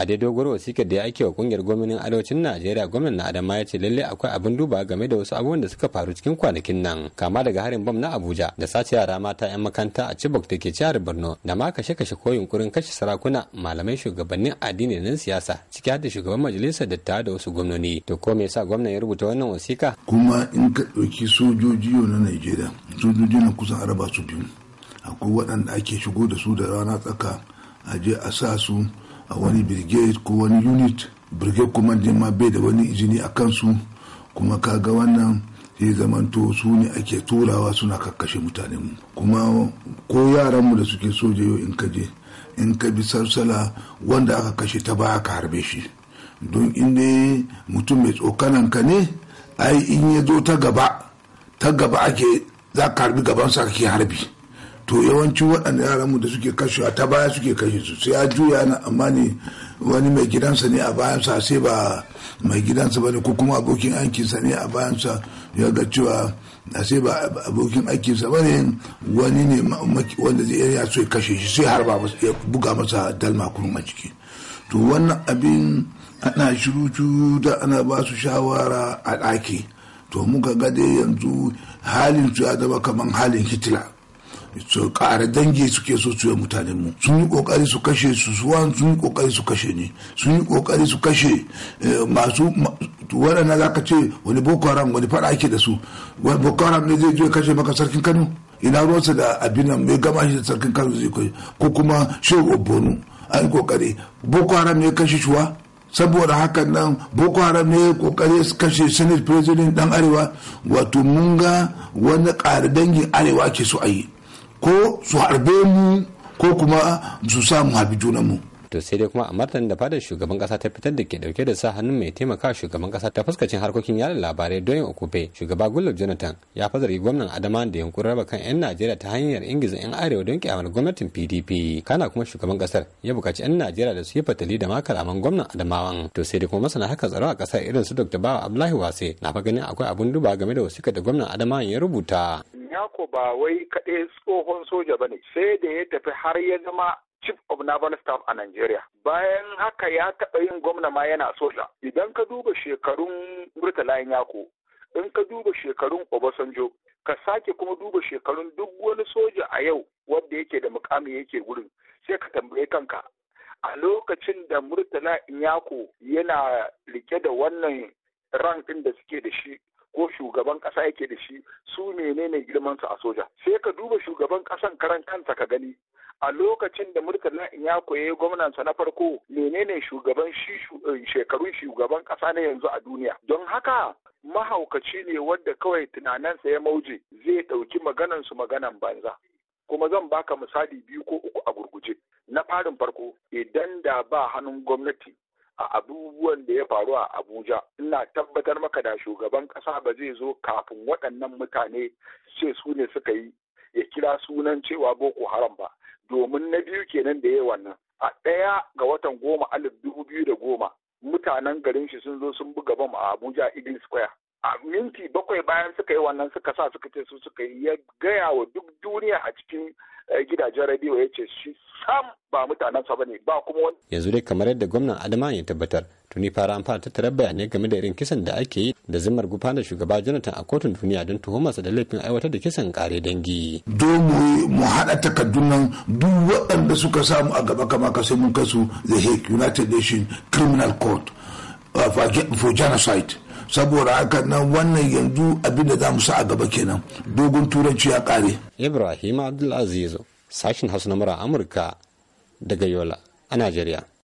a dai dogoro wasikar da ya ake wa kungiyar gwamnatin arewacin najeriya gwamnan na adama ya ce lallai akwai abin duba game da wasu abubuwan da suka faru cikin kwanakin nan kama daga harin bom na abuja da sace yara mata yan makanta a chibok da ke jihar borno da ma kashe kashe ko yunkurin kashe sarakuna malamai shugabannin addini na siyasa ciki har da shugaban majalisar dattawa da wasu gwamnoni to ko me yasa gwamnan ya rubuta wannan wasika kuma in ka ɗauki sojoji na najeriya sojoji na kusan araba su biyu akwai waɗanda ake shigo da su da rana tsaka a je a sa su a wani brigade ko wani unit brigade kuma ma bai da wani izini a kansu kuma kaga wannan sai zamanto su ne ake turawa suna kakkashe mutanen mu kuma ko yaran mu da suke yau in ka je in ka bi sarsala wanda aka kashe ta baya ka harbe shi don inda mutum mai tsokanan ka ne ai in ya zo ta gaba ta gaba ake za ka harbi gabansa kake harbi to yawancin waɗanda yaran mu da suke kashewa ta baya suke kashe su sai ya juya na amma ne wani mai gidansa ne a bayansa sai ba mai gidansa ba ne ko kuma abokin aikinsa ne a bayansa ya ga cewa a sai ba abokin aikinsa ba ne wani ne wanda zai iya so ya kashe shi sai har ba ya buga masa dalma kurum a ciki to wannan abin ana shirutu da ana ba su shawara a ɗaki to muka ga dai yanzu halin su ya zama kamar halin hitler su ƙara dangi suke so su mutanen mu sun yi ƙoƙari su kashe su suwan sun yi ƙoƙari su kashe ni sun yi ƙoƙari su kashe eh, masu waɗanda za ka ce wani boko haram wani fara ake da su wani boko haram ne zai je kashe maka sarkin kano ina ruwansa da abin nan mai gama shi da sarkin kano zai kai ko kuma shehu obonu an yi boko haram ne kashe shuwa saboda hakan nan boko haram ne kokari su kashe senate president dan arewa wato mun ga wani kare dangin arewa ke so a yi ko su harbe mu ko kuma su samu habi junanmu to sai dai kuma a martanin da fadar shugaban kasa ta fitar da ke dauke da sa hannun mai taimaka shugaban kasa ta fuskacin harkokin yada labarai don yin okupe shugaba gullab jonathan ya fazargi gwamnan adama da yankun raba kan yan najeriya ta hanyar ingiza yan arewa don kyamar gwamnatin pdp kana kuma shugaban kasar ya bukaci yan najeriya da su yi fatali da makalaman gwamnan adamawan to sai dai kuma masana haka tsaro a kasar irin su dr bawa abdullahi wase na fa ganin akwai abun duba game da wasikar da gwamnan adamawan ya rubuta Nyako ba wai kaɗai tsohon soja ba ne, sai da ya tafi har ya zama chief of naval staff a Najeriya. Bayan haka ya taɓa yin gwamna ma yana soja. Idan ka duba shekarun Murtala Nyako, in ka duba shekarun Obasanjo, ka sake kuma duba shekarun duk wani soja a yau wanda yake da mukami yake gurin, sai ka tambaye kanka. A lokacin da Murtala yako yana rike da wannan ran ɗin da suke da shi, ko shugaban ƙasa yake da shi su menene girmansu a soja sai ka duba shugaban ƙasan karan kansa ka gani a lokacin da murtala ya koye gwamnansa na farko menene shugaban eh, shekarun shugaban ƙasa na yanzu a duniya don haka mahaukaci ne wanda kawai tunaninsa ya mauje zai ɗauki maganansu maganan banza kuma zan baka misali biyu ko uku a gurguje na farin farko idan da ba hannun gwamnati a abubuwan da ya faru a Abuja. Ina tabbatar maka da shugaban ƙasa ba zai zo kafin waɗannan mutane ce su ne suka yi ya kira sunan cewa Boko Haram ba. Domin na biyu kenan da ya wannan. A ɗaya ga watan goma alif dubu biyu da goma mutanen garin shi sun zo sun buga bam a Abuja idris Square. a minti bakwai bayan suka yi wannan suka sa suka ce su suka yi ya gaya wa duk duniya a cikin eh, gidajen rediyo ya ce shi sam ba mutanen sa bane ba kuma wani yanzu dai kamar yadda gwamnan adama ya tabbatar tuni fara an fara tattara bayanai game da irin kisan da ake yi da zimmar gufanar shugaba jonathan a kotun duniya don tuhumarsa da laifin aiwatar da kisan kare dangi domin mu haɗa takardun duk waɗanda suka samu a gaba kama ka sai mun kasu the hague united nations criminal court uh, for genocide saboda haka nan wannan yanzu abinda za mu sa a gaba kenan dogon turanci ya kare ibrahim abdulaziz sashin hausa na mura amurka daga yola a najeriya